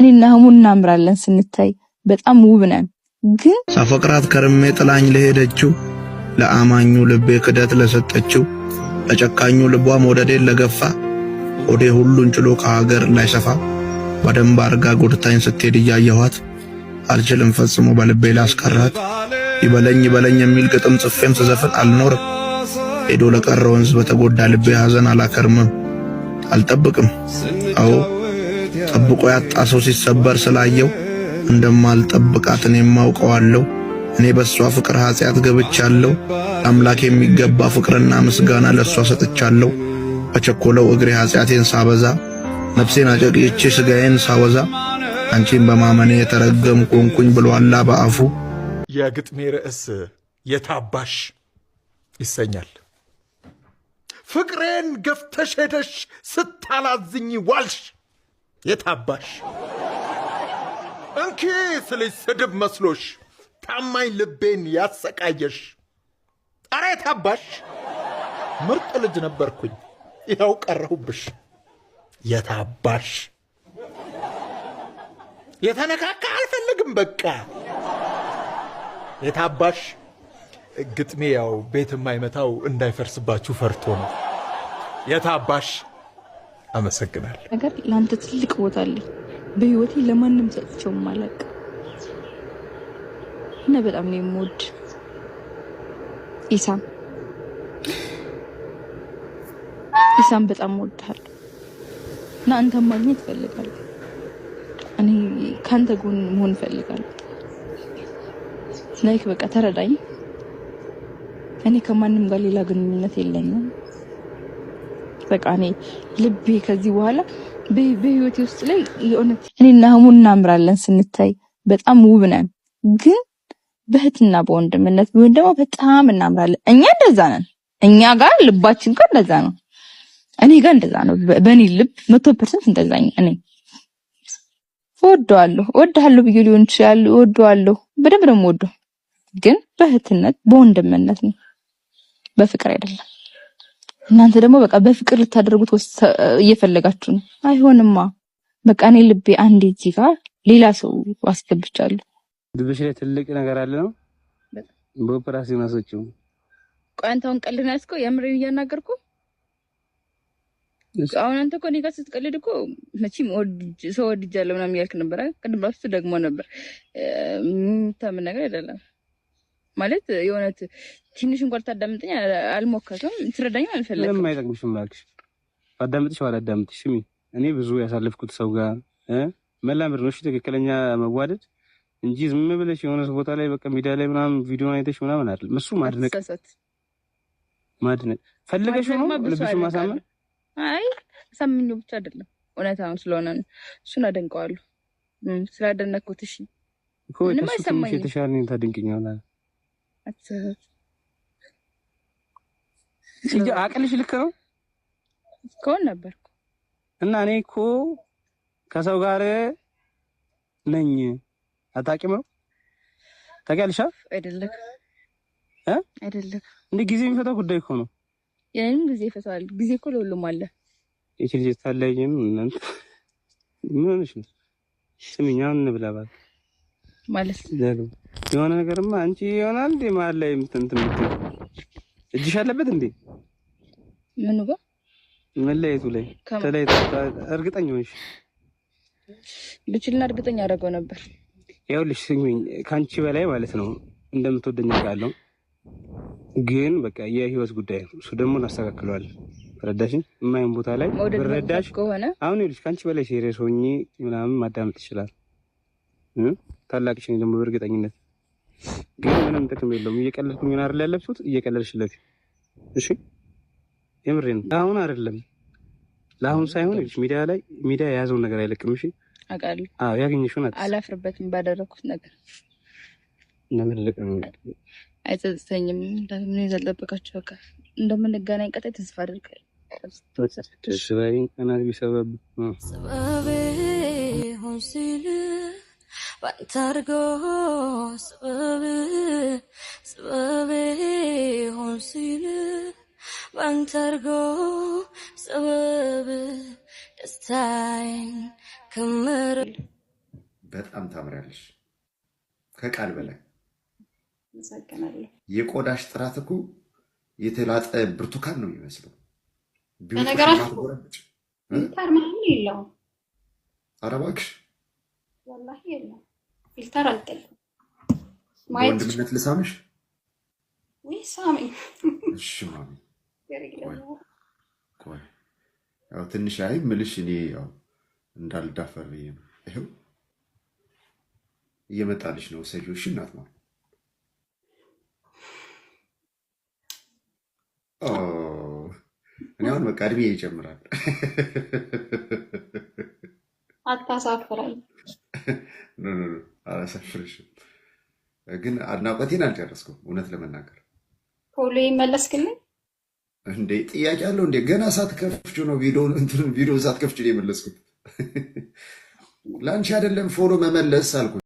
እኔና ህሙ እናምራለን ስንታይ በጣም ውብ ነን። ግን ሳፈቅራት ከርሜ ጥላኝ ለሄደችው ለአማኙ ልቤ ክደት ለሰጠችው ለጨካኙ ልቧ መውደዴን ለገፋ ወዴ ሁሉን ችሎ ከሀገር ሰፋ በደንብ አርጋ ጎድታኝ ስትሄድ እያየኋት አልችልም ፈጽሞ በልቤ ላስቀራት ይበለኝ ይበለኝ የሚል ግጥም ጽፌም ስዘፍን አልኖርም። ሄዶ ለቀረ ወንዝ በተጎዳ ልቤ ሐዘን አላከርምም አልጠብቅም አዎ ጠብቆ ያጣ ሰው ሲሰበር ስላየው እንደማልጠብቃት እኔም አውቀዋለሁ። እኔ በእሷ ፍቅር ኃጢአት ገብቻለሁ። ለአምላክ የሚገባ ፍቅርና ምስጋና ለእሷ ሰጥቻለሁ። በቸኮለው እግሬ ኃጢአቴን ሳበዛ፣ ነፍሴን አጨቅይቼ ሥጋዬን ሳወዛ አንቺን በማመኔ የተረገምኩ ሆንኩኝ ብሏላ በአፉ። የግጥሜ ርዕስ የታባሽ ይሰኛል። ፍቅሬን ገፍተሽ ሄደሽ ስታላዝኝ ዋልሽ የታባሽ እንኪ ስልሽ ስድብ መስሎሽ ታማኝ ልቤን ያሰቃየሽ። ኧረ የታባሽ ምርጥ ልጅ ነበርኩኝ፣ ይኸው ቀረሁብሽ። የታባሽ የተነካካ አልፈልግም በቃ የታባሽ ግጥሜ ያው ቤት የማይመታው እንዳይፈርስባችሁ ፈርቶ ነው። የታባሽ አመሰግናል። ነገር ለአንተ ትልቅ ቦታ አለኝ። በህይወቴ ለማንም ሰጥቼውም ማለቅ እና በጣም ነው የምወድ ኢሳም። ኢሳም በጣም ወድሃል እና አንተን ማግኘት እፈልጋለሁ። እኔ ከአንተ ጎን መሆን ፈልጋለሁ ናይክ በቃ ተረዳኝ። እኔ ከማንም ጋር ሌላ ግንኙነት የለኝም። በቃ እኔ ልቤ ከዚህ በኋላ በህይወቴ ውስጥ ላይ የእውነት እኔና ህሙ እናምራለን ስንታይ በጣም ውብ ነን፣ ግን በእህትና በወንድምነት ቢሆን ደግሞ በጣም እናምራለን። እኛ እንደዛ ነን። እኛ ጋር ልባችን ጋር እንደዛ ነው። እኔ ጋር እንደዛ ነው። በእኔ ልብ መቶ ፐርሰንት እንደዛ እኔ ወደዋለሁ ወደሃለሁ ብዬ ሊሆን ይችላል። ወደዋለሁ በደንብ ደግሞ ወደ ግን በእህትነት በወንድምነት ነው፣ በፍቅር አይደለም። እናንተ ደግሞ በቃ በፍቅር ልታደርጉት እየፈለጋችሁ ነው። አይሆንማ። በቃ እኔ ልቤ አንዴ እዚህ ጋር ሌላ ሰው አስገብቻለሁ። ድብሽ ላይ ትልቅ ነገር አለ ነው በኦፕራሲዮን አስወጪው። ቆይ አንተ አሁን ቀልድ ነው ያዝከው? የምሬን እያናገርኩ አሁን አንተ እኮ እኔ ጋር ስትቀልድ እኮ መቼም ሰው ወድጃለሁ ምናምን እያልክ ነበረ። ቅድም ራሱ ደግሞ ነበር ምታምን ነገር አይደለም ማለት የሆነ ትንሽ እንኳን ልታዳምጠኝ አልሞከርኩም። ትረዳኝ አልፈለግም። ምንም አይጠቅምሽም እባክሽ። አዳምጥሽ አላዳምጥሽም እኔ ብዙ ያሳለፍኩት ሰው ጋር መላምድ ነው ትክክለኛ መዋደድ እንጂ ዝም ብለሽ የሆነ ቦታ ላይ በቃ ሚዲያ ላይ ምናምን ቪዲዮ አይተሽ ምናምን አይደለም። እሱ ማድነቅ ማድነቅ ፈልገሽ ነው ልብሽ ማሳመን። አይ ሳምኙ ብቻ አይደለም እውነት አሁን ስለሆነ እሱን አደንቀዋለሁ። ስላደነኩት እሺ ምንም አይሰማኝ። የተሻለ ታደንቅኛለህ አቅልሽ ልክ ነው እስከሆን ነበርኩ እና እኔ እኮ ከሰው ጋር ነኝ። አታውቂም ነው ታውቂያለሽ አይደለም? አይደለም እንደ ጊዜ የሚፈታው ጉዳይ እኮ ነው። ያንም ጊዜ ይፈታዋል። ጊዜ እኮ ለሁሉም አለ። ይቺ ልጅ ታለይም እናንተ ምን ሆነሽ ነው? ስሚኛውን እንብላባል ማለት ነው የሆነ ነገርማ አንቺ ይሆናል እንዴ? መሀል ላይ እንትን ምት እጅሽ አለበት እንዴ? ምኑ ጋር መለየቱ ላይ ተለየቱ እርግጠኛ ሆንሽ? ብችልና እርግጠኛ አደረገው ነበር። ይኸውልሽ ስሚኝ፣ ከአንቺ በላይ ማለት ነው እንደምትወደኝ አውቃለሁ፣ ግን በቃ የህይወት ጉዳይ ነው። እሱ ደግሞ እናስተካክለዋለን። ረዳሽኝ የማይሆን ቦታ ላይ ረዳሽ ከሆነ አሁን ይኸውልሽ፣ ከአንቺ በላይ ሴሪየስ ሆኜ ምናምን ማዳመጥ ይችላል ታላቅሽ ደግሞ በእርግጠኝነት ግን ምንም ጥቅም የለውም። እየቀለድኩኝ ነው አይደል ያለብሱት? እየቀለድሽለት እሺ፣ የምሬን ለአሁን አይደለም ለአሁን ሳይሆን ሚዲያ ላይ ሚዲያ የያዘውን ነገር አይለቅም። እሺ አውቃለሁ። አዎ ያገኘሽው አላፍርበትም ባደረግኩት ነገር ለምን አይጸጽተኝም። ለምን የዘለበቃቸው በቃ እንደምንገናኝ ቀጣይ ተስፋ አድርጋለሁ። ስበቤ ቀናት ቢሰበብ ሰበቤ ሆን ሲል ባንታርጎ ስበብ ስበብ ሆን ሲል ባንታርጎ ስበብ ደስታይን ክምር በጣም ታምሪያለሽ፣ ከቃል በላይ የቆዳሽ ጥራት እኮ የተላጠ ብርቱካን ነው የሚመስለው። በነገራችሁ የለውም። ኧረ ወላሂ የለም። ፊልተር አልጠልም። ወንድምነት ልሳምሽ ወይ ሳምኝ። እሺ ማሚ ያው ትንሽ አይ ምልሽ እኔ ያው እንዳልዳፈር ብዬ ነው። ይኸው እየመጣልሽ ነው። ሰጆሽ እናት ማለት እኔ አሁን በቃ እድሜ ይጨምራል። አታሳፍራል አላሳፍርሽም። ግን አድናቆቴን አልጨረስኩም። እውነት ለመናገር ቶሎ ይመለስክልኝ እንዴ? ጥያቄ አለው እንዴ? ገና ሳትከፍች ነው ቪዲዮ ሳትከፍች ነው የመለስኩት። ለአንቺ አይደለም ፎሎ መመለስ አልኩ።